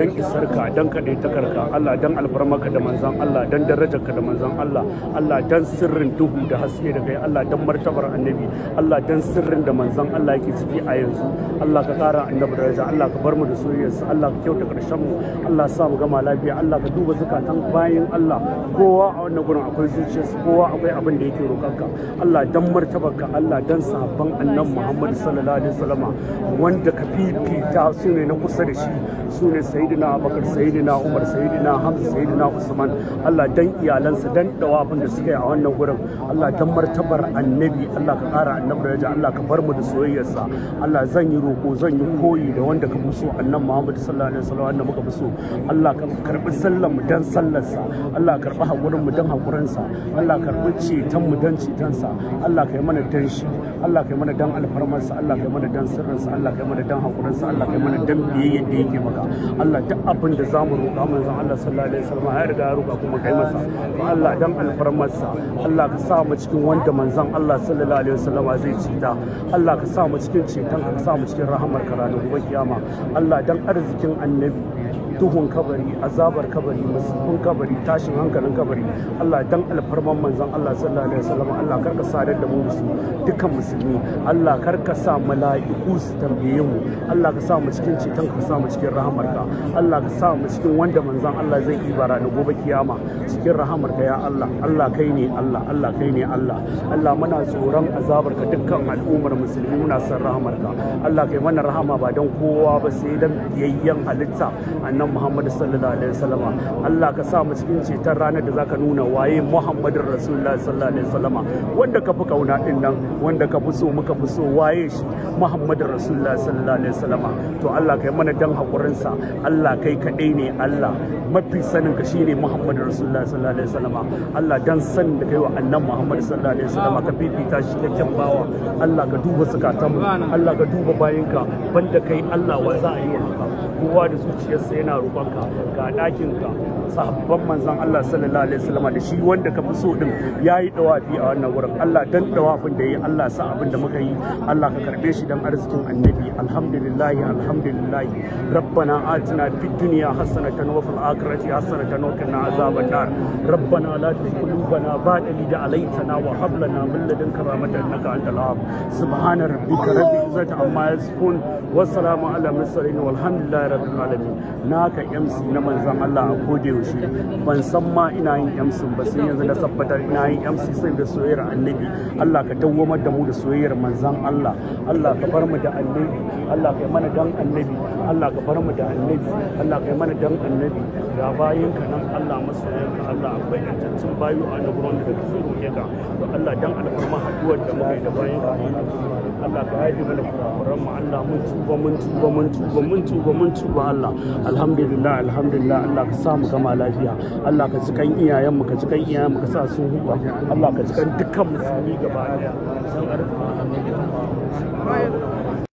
dan isarka dan kaɗaitakarka Allah dan albarmaka da manzan Allah dan darajarka da manzan Allah Allah dan sirrin duhu da haske da kai Allah dan martabar annabi Allah dan sirrin da manzan Allah yake ciki a yanzu Allah ka kara annabi daraja Allah ka bar mu da soyayyarsa Allah ka kyauta karshen mu Allah sa mu gama lafiya Allah ka duba zakatan bayin Allah kowa a wannan gurin akwai zuciyarsa kowa akwai abin da yake roƙonka Allah dan martabarka Allah dan sahabban annabi Muhammad sallallahu alaihi wasallama wanda ka fifita su ne na kusa da shi su ne sai sayyidina abubakar sayyidina umar sayyidina hamza sayyidina usman allah dan iyalansa dan dawafin da suka yi a wannan gurin allah dan martabar annabi allah ka kara annabi daraja allah ka bar mu da soyayyarsa allah zan yi roko zan yi koyi da wanda ka fi so annabi muhammad sallallahu alaihi wasallam wanda muka fi so allah ka karbi sallar mu dan sallarsa allah karbi hakurin mu dan sa allah karbi ceton mu dan sa allah ka yi mana dan shi allah ka yi mana dan sa allah ka yi mana dan sirrinsa allah ka yi mana dan sa allah ka yi mana dan biyayyar da yake maka allah duk abin da zamu roƙa manzon Allah sallallahu alaihi wasallam ya riga ya roƙa kuma kai masa Allah dan alfarmarsa Allah ka sa mu cikin wanda manzon Allah sallallahu alaihi wasallam zai cita Allah ka sa mu cikin ceton ka sa mu cikin rahamar ka ranar gobe kiyama Allah dan arzikin annabi duhun kabari azabar kabari masifin kabari tashin hankalin kabari Allah dan alfarman manzon Allah sallallahu alaihi wasallam Allah karka sadar da mu musu dukkan musulmi Allah karka sa mala'iku su tambaye mu Allah ka sa mu cikin ceton ka sa mu cikin rahamarka Allah ka sa mu cikin wanda manzon Allah zai ibara da gobe kiyama cikin rahamarka ya Allah Allah kai ne Allah Allah kai ne Allah Allah muna tsoron azabar ka dukkan al'ummar musulmi muna san rahamarka Allah kai mana rahama ba don kowa ba sai dan biyayyen halitta annabi Muhammad sallallahu alaihi wasallama Allah ka sa mu cikin cetar ranar da zaka nuna waye Muhammadur Rasulullah sallallahu alaihi wasallama wanda ka fi kauna din nan wanda ka fi so muka fi so waye shi Muhammadur Rasulullah sallallahu alaihi wasallama to Allah kai mana dan hakurin sa Allah kai ka dai ne Allah mafi sanin ka shine Muhammadur Rasulullah sallallahu alaihi wasallama Allah dan san da kai wa annan Muhammad sallallahu alaihi wasallama ka fifita shi kyakkyan bawa Allah ka duba mu Allah ka duba bayinka banda kai Allah wa za a yi wa kowa da zuciyarsa yana roƙonka ga ɗakinka sahabban manzon Allah sallallahu alaihi wasallam da shi wanda ka fi so din yayi dawafi a wannan wurin Allah dan dawafin da yayi Allah sa abin da muka yi Allah ka karbe shi dan arzikin annabi alhamdulillah alhamdulillah rabbana atina fid dunya hasanatan wa fil akhirati hasanatan wa qina azaban nar rabbana la tuzigh qulubana ba'da idh hadaytana wa hab lana min ladunka rahmatan innaka antal wahhab subhana rabbika rabbil izzati amma yasifun wa salamun ala mursalin walhamdulillahi rabbil alamin na haka MC na manzan Allah a kodayaushe ban san ma ina yin MC ba sai yanzu na tabbata ina yin MC sai da soyayyar annabi Allah ka dawwamar da mu da soyayyar manzan Allah Allah ka bar mu da annabi Allah ka yi mana dan annabi Allah ka bar mu da annabi Allah ka yi mana dan annabi ga bayin ka nan Allah masoyan Allah akwai antancin bayu a nan gurin da kake roƙe ka to Allah dan alfarma abubuwan da da bayan amana Allah ka haifi mana kurakuran mu Allah mun tuba mun tuba mun tuba mun tuba mun tuba Allah alhamdulillah alhamdulillah Allah ka sa mu gama lafiya Allah ka ji kan iyayen mu ka ji kan iyayen mu ka sa su huwa Allah ka ji kan dukkan musulmi gaba daya san arfa